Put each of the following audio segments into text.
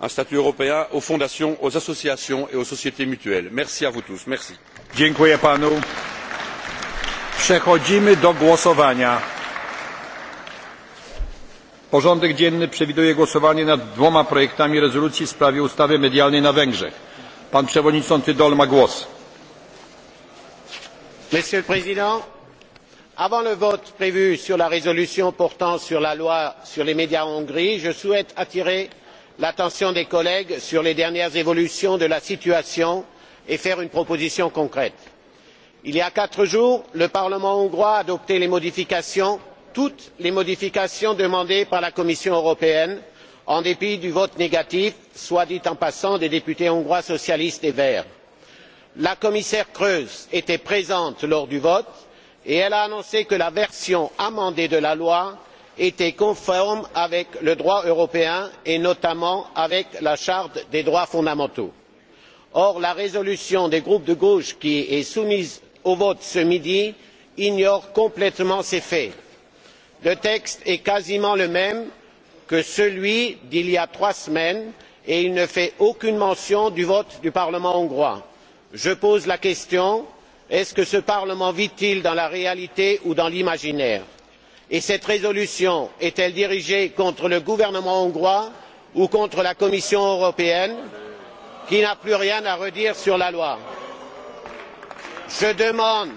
un statut européen aux fondations aux associations et aux sociétés mutuelles. merci à vous tous. przechodzimy do głosowania. porządek dzienny przewiduje głosowanie nad dwoma projektami rezolucji w sprawie ustawy medialnej na węgrzech. pan przewodniczący daul ma głos. monsieur le président avant le vote prévu sur la résolution portant sur la loi sur les médias en hongrie je souhaite attirer l'attention des collègues sur les dernières évolutions de la situation et faire une proposition concrète. il y a quatre jours le parlement hongrois a adopté les modifications, toutes les modifications demandées par la commission européenne en dépit du vote négatif soit dit en passant des députés hongrois socialistes et verts. la commissaire kroes était présente lors du vote et elle a annoncé que la version amendée de la loi était conforme avec le droit européen et notamment avec la charte des droits fondamentaux. or la résolution des groupes de gauche qui est soumise au vote ce midi ignore complètement ces faits. le texte est quasiment le même que celui d'il y a trois semaines et il ne fait aucune mention du vote du parlement hongrois. je pose la question est ce que ce parlement vit il dans la réalité ou dans l'imaginaire? et cette résolution est elle dirigée contre le gouvernement hongrois ou contre la commission européenne qui n'a plus rien à redire sur la loi? je demande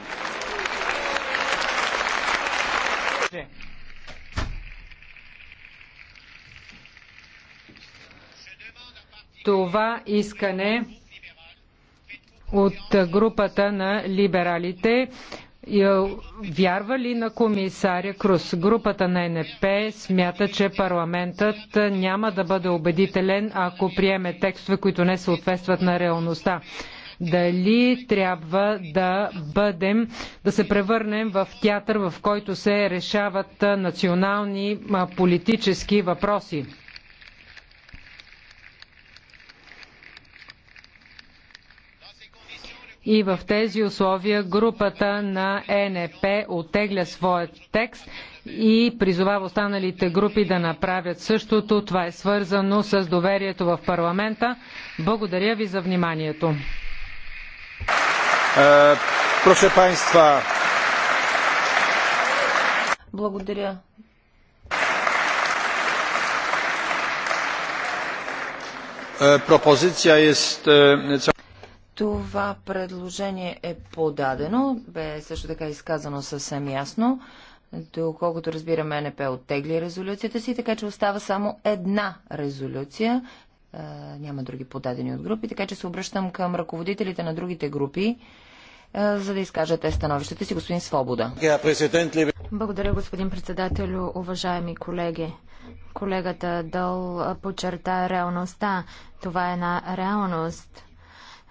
това искане от групата на либералите вярва ли на комисаря Крус? Групата на НП смята, че парламентът няма да бъде убедителен, ако приеме текстове, които не съответстват на реалността. Дали трябва да бъдем, да се превърнем в театър, в който се решават национални политически въпроси? И в тези условия групата на ЕНП оттегля своят текст и призовава останалите групи да направят същото. Това е свързано с доверието в парламента. Благодаря ви за вниманието. Е, Проше панства. Благодаря. Propozycja е, jest това предложение е подадено, бе също така изказано съвсем ясно. Доколкото разбираме, НП оттегли резолюцията си, така че остава само една резолюция. Е, няма други подадени от групи, така че се обръщам към ръководителите на другите групи е, за да изкажат те становищата си. Господин Свобода. Благодаря, господин председател, уважаеми колеги. Колегата Дъл подчерта реалността. Това е една реалност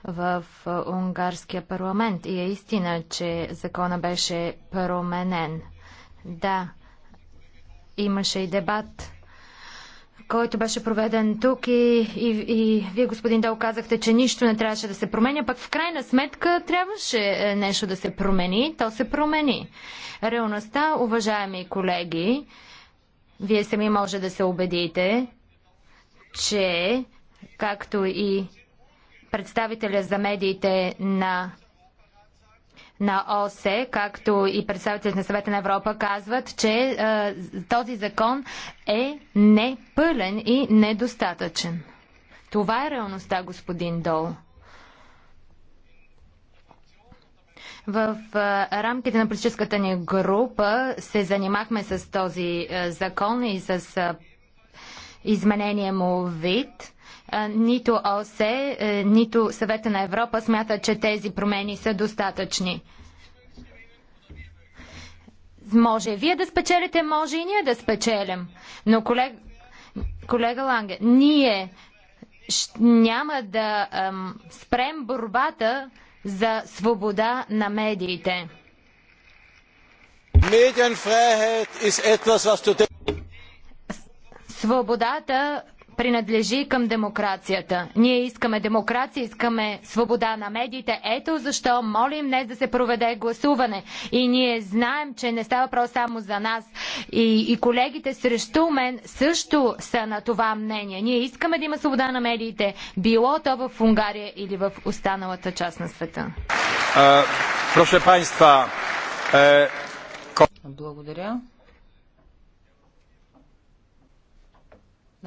в унгарския парламент. И е истина, че закона беше променен. Да, имаше и дебат който беше проведен тук и, и, и вие, господин Дол, казахте, че нищо не трябваше да се променя, пък в крайна сметка трябваше е, нещо да се промени, то се промени. Реалността, уважаеми колеги, вие сами може да се убедите, че, както и представителя за медиите на на ОСЕ, както и представителите на съвета на Европа казват, че е, този закон е непълен и недостатъчен. Това е реалността, господин Дол. В е, рамките на политическата ни група се занимахме с този е, закон и с е, изменение му вид нито ОСЕ, е, нито Съвета на Европа смятат, че тези промени са достатъчни. Може вие да спечелите, може и ние да спечелим. Но колег... колега Ланге, ние няма да ам, спрем борбата за свобода на медиите. Медиенфрайхет е нещо, което... Свободата принадлежи към демокрацията. Ние искаме демокрация, искаме свобода на медиите. Ето защо молим днес да се проведе гласуване. И ние знаем, че не става въпрос само за нас. И, и колегите срещу мен също са на това мнение. Ние искаме да има свобода на медиите, било то в Унгария или в останалата част на света. Е, Благодаря.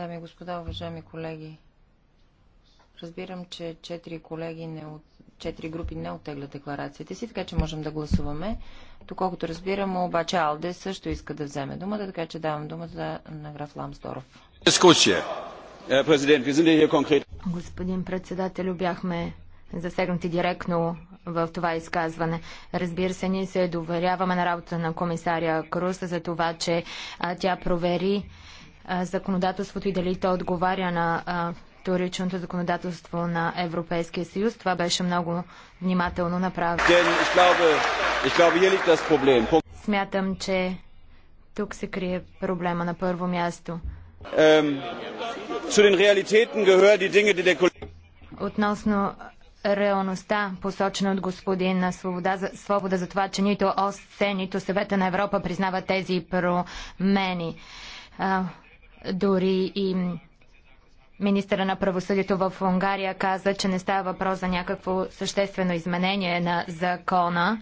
Дами и господа, уважаеми колеги, разбирам, че четири колеги не от... четири групи не оттеглят декларацията си, така че можем да гласуваме. Доколкото разбирам, обаче Алде също иска да вземе думата, така че давам думата на граф Ламсдоров. Дискусия. Е, Господин председател, бяхме засегнати директно в това изказване. Разбира се, ние се доверяваме на работа на комисаря Круса за това, че тя провери законодателството и дали то отговаря на вторичното законодателство на Европейския съюз. Това беше много внимателно направено. Смятам, че тук се крие проблема на първо място. Относно реалността, посочена от господин Свобода за, Свобода за това, че нито ОСЦЕ, нито Съвета на Европа признава тези промени. Дори и министра на правосъдието в Унгария каза, че не става въпрос за някакво съществено изменение на закона.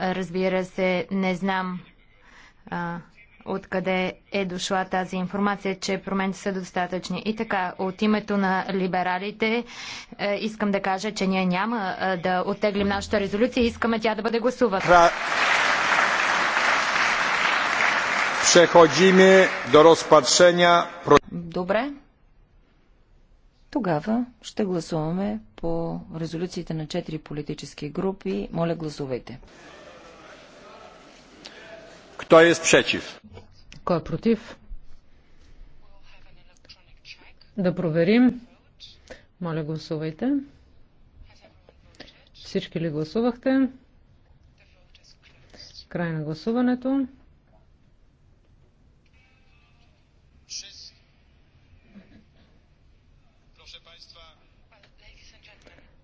Разбира се, не знам а, откъде е дошла тази информация, че промените са достатъчни. И така, от името на либералите а, е, искам да кажа, че ние няма а, да оттеглим нашата резолюция и искаме тя да бъде гласувана. Przechodzimy do rozpatrzenia. Добре. Тогава ще гласуваме по резолюциите на четири политически групи. Моля, гласувайте. Кто е спречив? Кой е против? Да проверим. Моля, гласувайте. Всички ли гласувахте? Край на гласуването.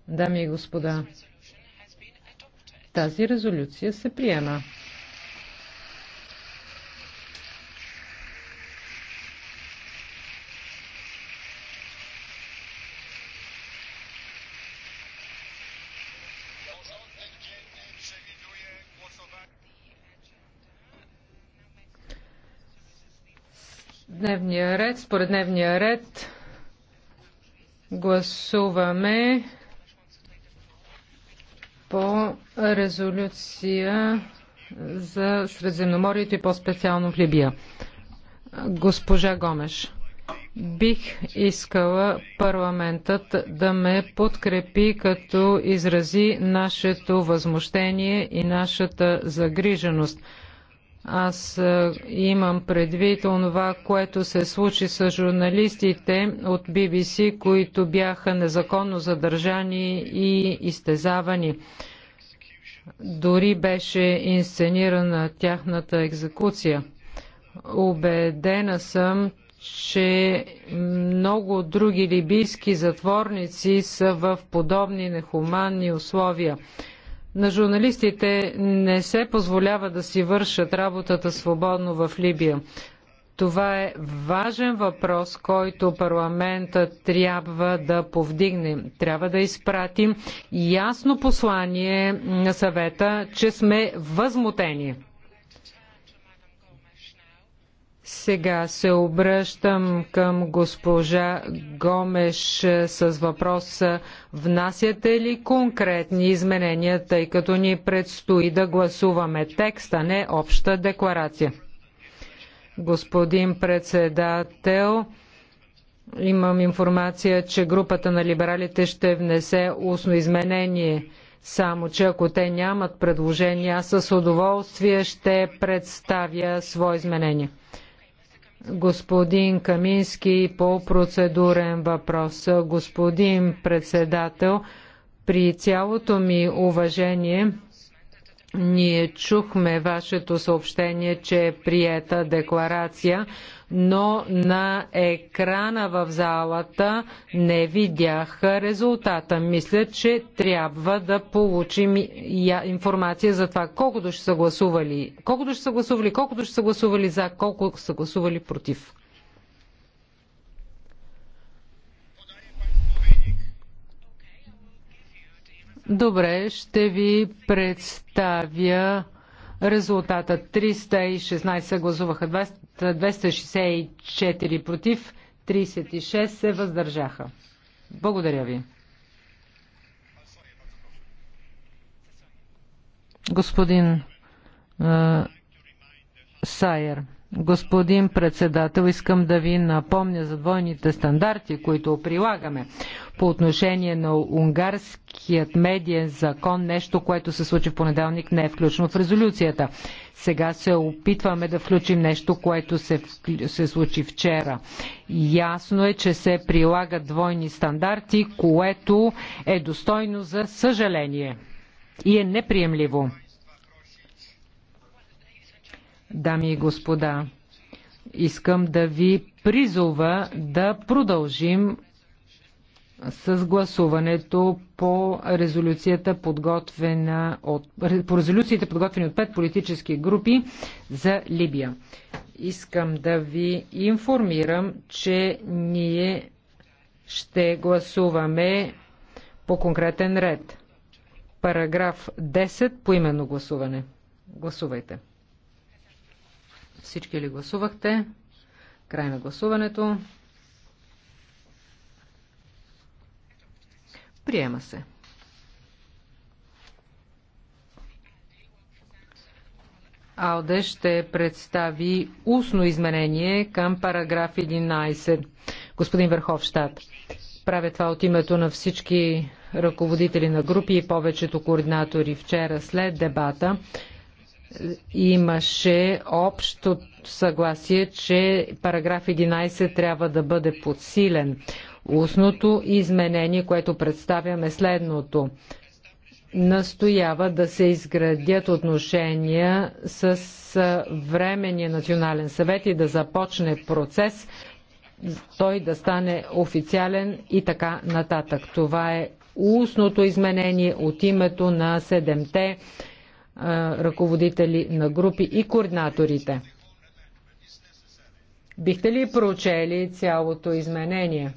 Дами и господа, тази резолюция се приема. дневния ред. Според дневния ред гласуваме по резолюция за Средземноморието и по-специално в Либия. Госпожа Гомеш, бих искала парламентът да ме подкрепи, като изрази нашето възмущение и нашата загриженост. Аз е, имам предвид онова, което се случи с журналистите от BBC, които бяха незаконно задържани и изтезавани. Дори беше инсценирана тяхната екзекуция. Убедена съм, че много други либийски затворници са в подобни нехуманни условия. На журналистите не се позволява да си вършат работата свободно в Либия. Това е важен въпрос, който парламента трябва да повдигне. Трябва да изпратим ясно послание на съвета, че сме възмутени. Сега се обръщам към госпожа Гомеш с въпроса внасяте ли конкретни изменения, тъй като ни предстои да гласуваме текст, а не обща декларация. Господин председател, имам информация, че групата на либералите ще внесе устно изменение. Само, че ако те нямат предложения, аз с удоволствие ще представя свое изменение господин Камински по процедурен въпрос. Господин председател, при цялото ми уважение, ние чухме вашето съобщение, че е приета декларация, но на екрана в залата не видях резултата. Мисля, че трябва да получим информация за това колко души са гласували, колко души са гласували, колко души са гласували за, колко са гласували против. Добре, ще ви представя резултата. 316 гласуваха, 264 против, 36 се въздържаха. Благодаря ви. Господин е, Сайер. Господин председател, искам да ви напомня за двойните стандарти, които прилагаме по отношение на унгарският медиен закон, нещо, което се случи в понеделник, не е включено в резолюцията. Сега се опитваме да включим нещо, което се, се случи вчера. Ясно е, че се прилагат двойни стандарти, което е достойно за съжаление и е неприемливо дами и господа. Искам да ви призова да продължим с гласуването по резолюцията подготвена от, по резолюциите подготвени от пет политически групи за Либия. Искам да ви информирам, че ние ще гласуваме по конкретен ред. Параграф 10 по именно гласуване. Гласувайте. Всички ли гласувахте? Край на гласуването. Приема се. АЛДЕ ще представи устно изменение към параграф 11. Господин Върховщад, правя това от името на всички ръководители на групи и повечето координатори вчера след дебата имаше общо съгласие, че параграф 11 трябва да бъде подсилен. Устното изменение, което представяме е следното настоява да се изградят отношения с Временния национален съвет и да започне процес, той да стане официален и така нататък. Това е устното изменение от името на седемте ръководители на групи и координаторите. Бихте ли проучели цялото изменение?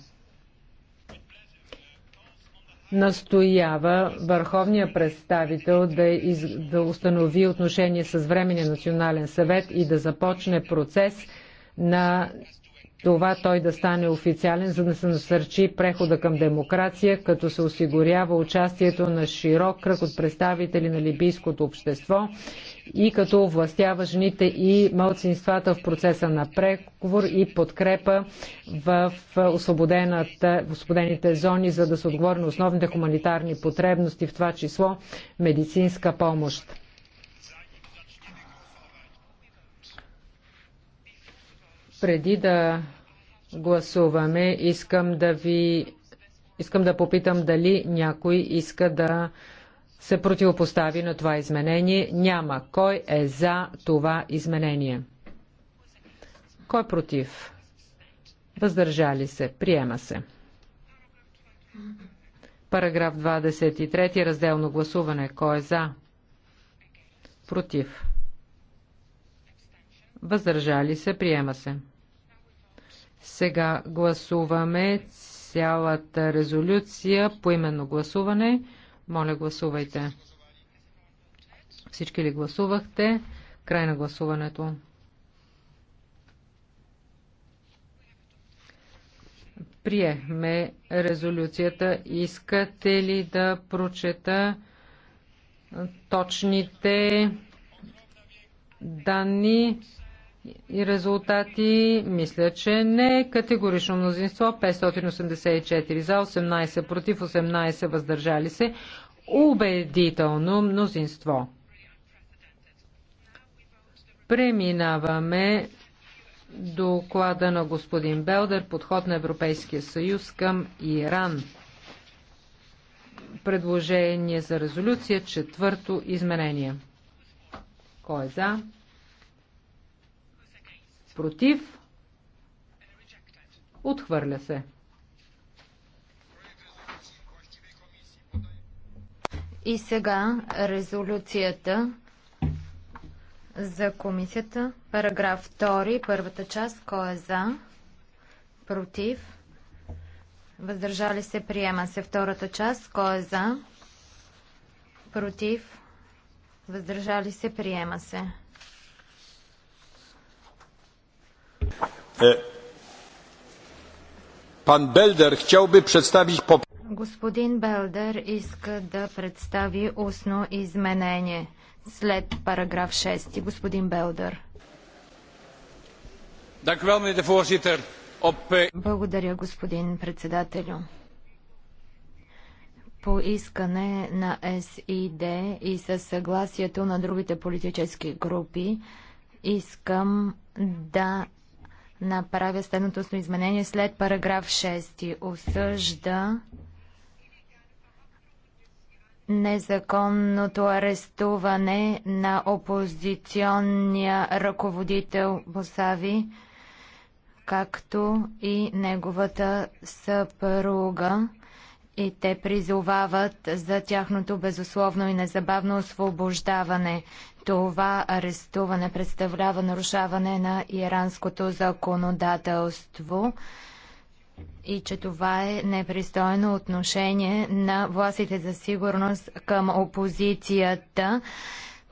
Настоява върховния представител да, из... да установи отношение с Временния национален съвет и да започне процес на това той да стане официален, за да се насърчи прехода към демокрация, като се осигурява участието на широк кръг от представители на либийското общество и като овластява жените и малцинствата в процеса на преговор и подкрепа в, в освободените зони, за да се отговори на основните хуманитарни потребности, в това число медицинска помощ. Преди да гласуваме, искам да ви искам да попитам дали някой иска да се противопостави на това изменение. Няма. Кой е за това изменение? Кой против? Въздържали се. Приема се. Параграф 23. Разделно гласуване. Кой е за? Против. Въздържали се. Приема се. Сега гласуваме цялата резолюция по именно гласуване. Моля, гласувайте. Всички ли гласувахте? Край на гласуването. Приехме резолюцията. Искате ли да прочета точните данни? и резултати, мисля, че не. е Категорично мнозинство 584 за, 18 против, 18 въздържали се. Убедително мнозинство. Преминаваме доклада на господин Белдер, подход на Европейския съюз към Иран. Предложение за резолюция, четвърто изменение. Кой е за? против, отхвърля се. И сега резолюцията за комисията. Параграф 2, първата част. Кой е за? Против? Въздържали се? Приема се втората част. Кой е за? Против? Въздържали се? Приема се. E, chciałby Господин Белдер иска да представи устно изменение след параграф 6. Господин Белдер. Eh, Благодаря, господин председателю. По искане на СИД и със съгласието на другите политически групи искам да направя следното изменение след параграф 6. Осъжда незаконното арестуване на опозиционния ръководител Босави, както и неговата съпруга и те призовават за тяхното безусловно и незабавно освобождаване. Това арестуване представлява нарушаване на иранското законодателство и че това е непристойно отношение на властите за сигурност към опозицията,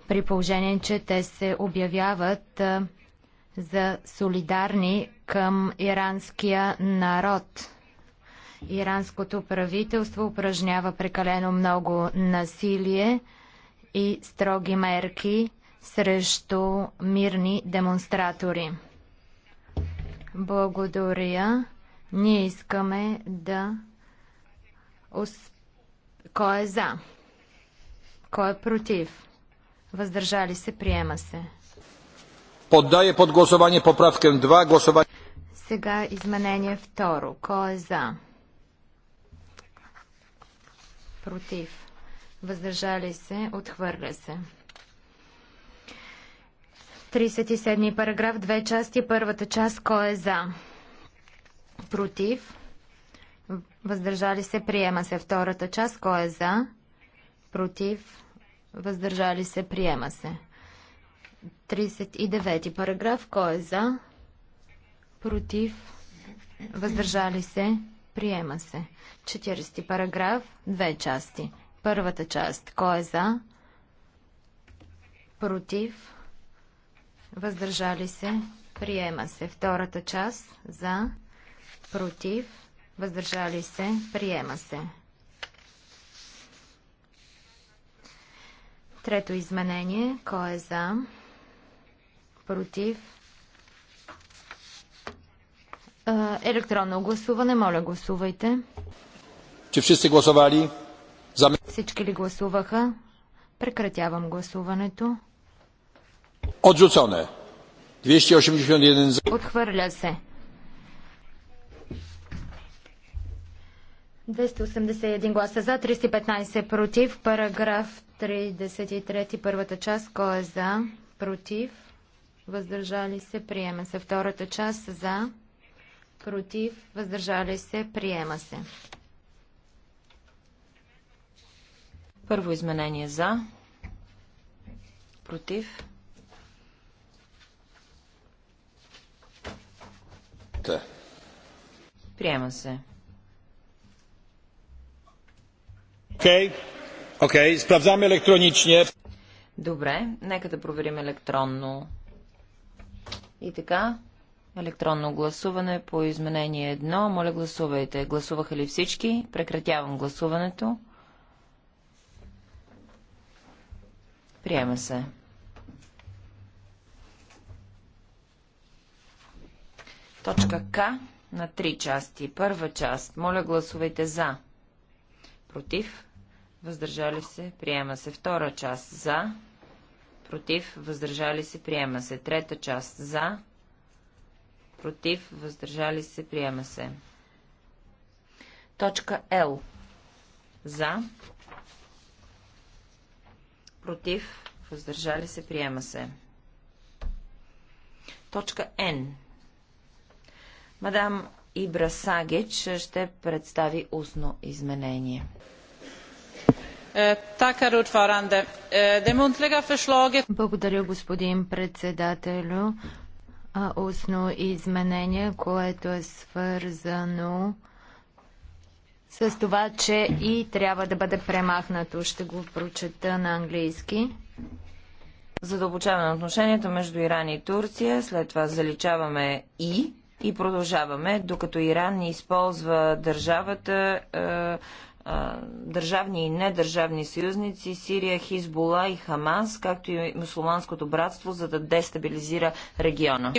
при положение, че те се обявяват за солидарни към иранския народ. Иранското правителство упражнява прекалено много насилие и строги мерки срещу мирни демонстратори. Благодаря. Ние искаме да. Кой е за? Кой е против? Въздържали се, приема се. Поддае под гласование поправка 2. Гласование. Сега изменение второ. Кой е за? против, въздържали се, отхвърля се. 37 параграф, две части, първата част, кой е за? Против, въздържали се, приема се. Втората част, кой е за? Против, въздържали се, приема се. 39 параграф, кой е за? Против, въздържали се, Приема се. 40 параграф, две части. Първата част. Кой е за? Против? Въздържали се? Приема се. Втората част. За? Против? Въздържали се? Приема се. Трето изменение. Кой е за? Против? електронно гласуване. Моля, гласувайте. Че всички гласували? За... Всички ли гласуваха? Прекратявам гласуването. Отжуцоне. 281 за... Отхвърля се. 281 гласа за, 315 против. Параграф 33, първата част. Кой е за? Против. Въздържали се. Приема се втората част за против, въздържали се, приема се. Първо изменение за, против. Да. Приема се. Окей. Окей, справзаме електронично. Добре, нека да проверим електронно. И така, Електронно гласуване по изменение 1. Моля гласувайте. Гласуваха ли всички? Прекратявам гласуването. Приема се. Точка К на три части. Първа част. Моля гласувайте за. Против. Въздържали се. Приема се. Втора част. За. Против. Въздържали се. Приема се. Трета част. За против, въздържали се, приема се. Точка Л. За, против, въздържали се, приема се. Точка Н. Мадам Ибра Сагич ще представи устно изменение. Е, е, Благодаря, господин председателю устно изменение, което е свързано с това, че и трябва да бъде премахнато. Ще го прочета на английски. Задълбочаване на отношенията между Иран и Турция, след това заличаваме и и продължаваме, докато Иран не използва държавата е, държавни и недържавни съюзници Сирия, Хизбула и Хамас, както и мусулманското братство, за да дестабилизира региона.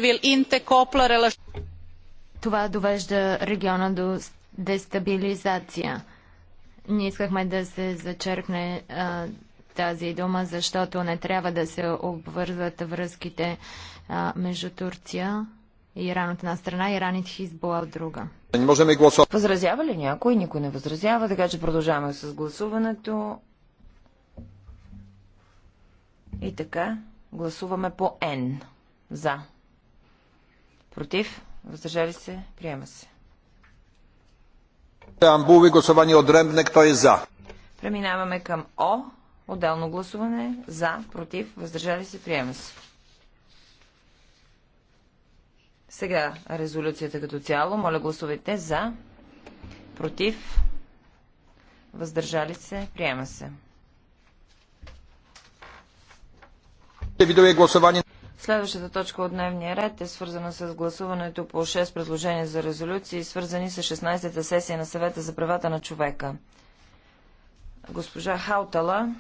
Това довежда региона до дестабилизация. Ние искахме да се зачеркне а, тази дума, защото не трябва да се обвързват връзките а, между Турция Иран от една страна и Хизбола от друга. Не можем Възразява ли някой? Никой не възразява, така че продължаваме с гласуването. И така, гласуваме по Н. За. Против? Въздържали се? Приема се. Амбулви гласуване Ремнек, кто е за? Преминаваме към О. Отделно гласуване. За, против, въздържали се, приема се. Сега резолюцията като цяло. Моля гласувайте за, против, въздържали се, приема се. Следващата точка от дневния ред е свързана с гласуването по 6 предложения за резолюции, свързани с 16-та сесия на съвета за правата на човека. Госпожа Хаутала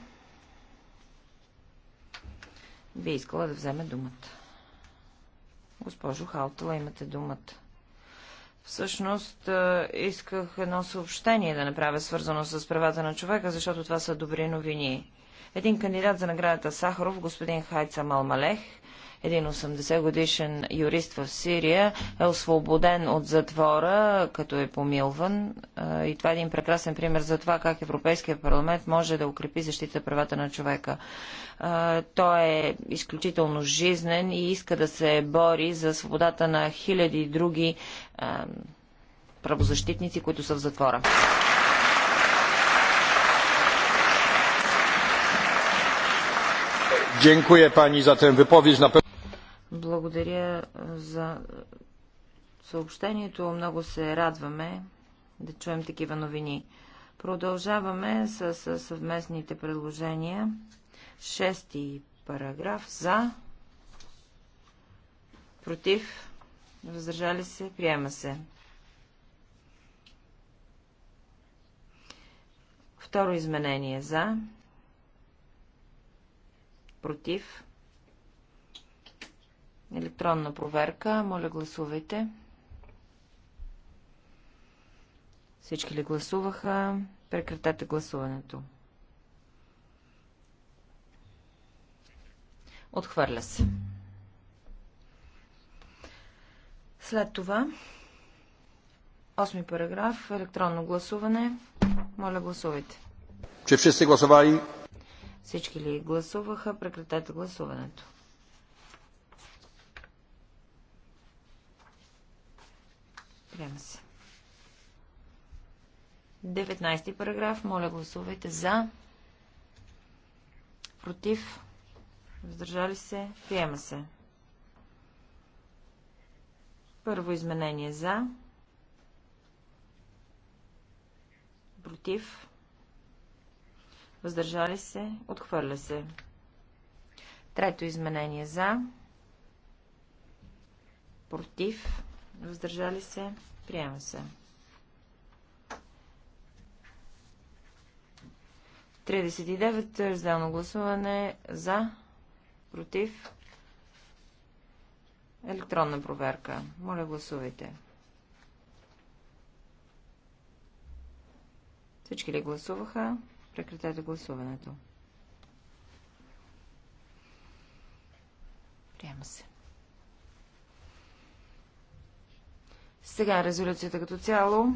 би искала да вземе думата. Госпожо Халтова, имате думата. Всъщност исках едно съобщение да направя, свързано с правата на човека, защото това са добри новини. Един кандидат за наградата Сахаров, господин Хайца Малмалех, един 80 годишен юрист в Сирия е освободен от затвора, като е помилван. И това е един прекрасен пример за това как Европейския парламент може да укрепи защита правата на човека. Той е изключително жизнен и иска да се бори за свободата на хиляди други правозащитници, които са в затвора. dziękuję pani za tę wypowiedź. Благодаря за съобщението. Много се радваме да чуем такива новини. Продължаваме с съвместните предложения. Шести параграф за, против, въздържали се, приема се. Второ изменение за, против, Електронна проверка. Моля, гласувайте. Всички ли гласуваха? Прекратете гласуването. Отхвърля се. След това, 8 параграф, електронно гласуване. Моля, гласувайте. Че всички гласували? Всички ли гласуваха? Прекратете гласуването. Приема се. 19 параграф. Моля гласувайте за. Против. Въздържали се. Приема се. Първо изменение за. Против. Въздържали се. Отхвърля се. Трето изменение за. Против въздържали се, приема се. 39 разделно гласуване за, против, електронна проверка. Моля, гласувайте. Всички ли гласуваха? Прекратете гласуването. Приема се. Сега резолюцията като цяло.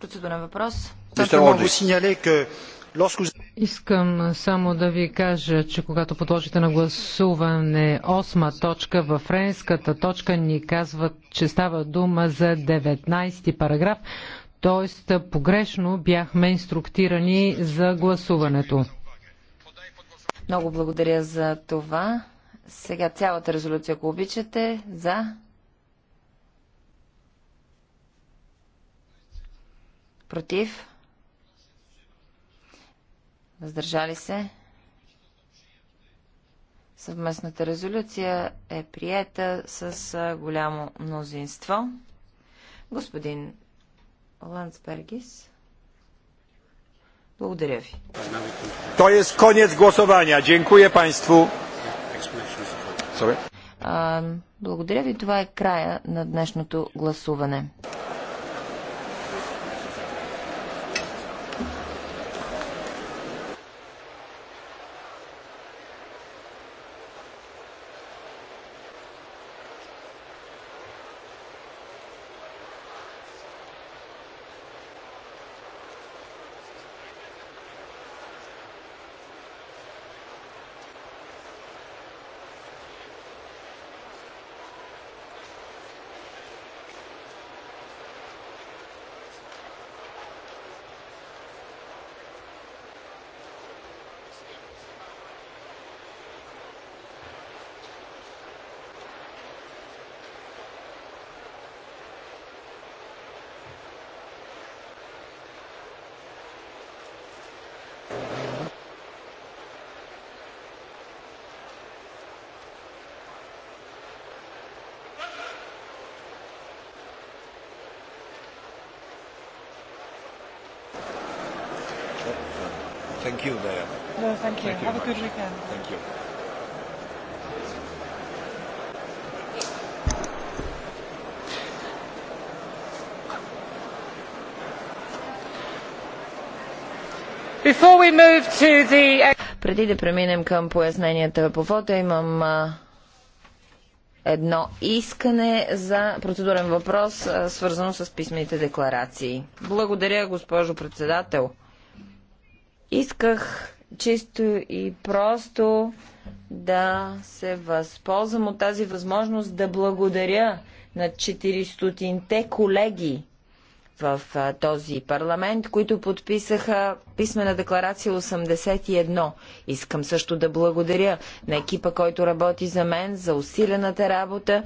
Процедурен въпрос. Искам само да ви кажа, че когато подложите на гласуване осма точка във френската точка ни казват, че става дума за 19 параграф, т.е. погрешно бяхме инструктирани за гласуването. Много благодаря за това. Сега цялата резолюция, ако обичате, за. Против. Въздържали се. Съвместната резолюция е приета с голямо мнозинство. Господин Ландсбергис, благодаря ви. То е конец гласования. Дякую Państwu благодаря ви. Това е края на днешното гласуване. Thank you, Diana. No, thank you. Thank you Have a good weekend. Thank you. Before we move to the... Преди да преминем към поясненията по фото, имам а, едно искане за процедурен въпрос, а, свързано с писмените декларации. Благодаря, госпожо председател. Исках чисто и просто да се възползвам от тази възможност да благодаря на 400-те колеги в този парламент, които подписаха писмена декларация 81. Искам също да благодаря на екипа, който работи за мен, за усилената работа,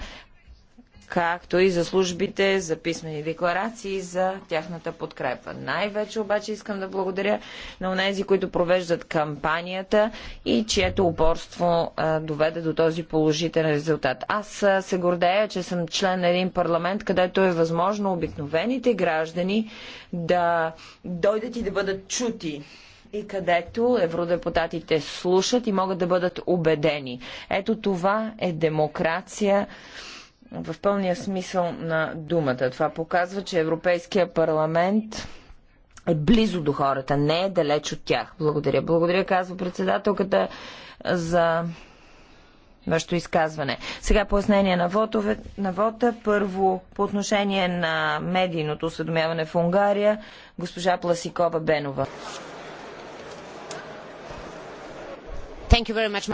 както и за службите за писмени декларации за тяхната подкрепа. Най-вече обаче искам да благодаря на онези, които провеждат кампанията и чието упорство а, доведе до този положителен резултат. Аз а, се гордея, че съм член на един парламент, където е възможно обикновените граждани да дойдат и да бъдат чути и където евродепутатите слушат и могат да бъдат убедени. Ето това е демокрация в пълния смисъл на думата. Това показва, че Европейския парламент е близо до хората, не е далеч от тях. Благодаря. Благодаря, казва председателката, за вашето изказване. Сега пояснение на, вотове, на вота. Първо, по отношение на медийното осведомяване в Унгария, госпожа Пласикова Бенова. Thank you very much.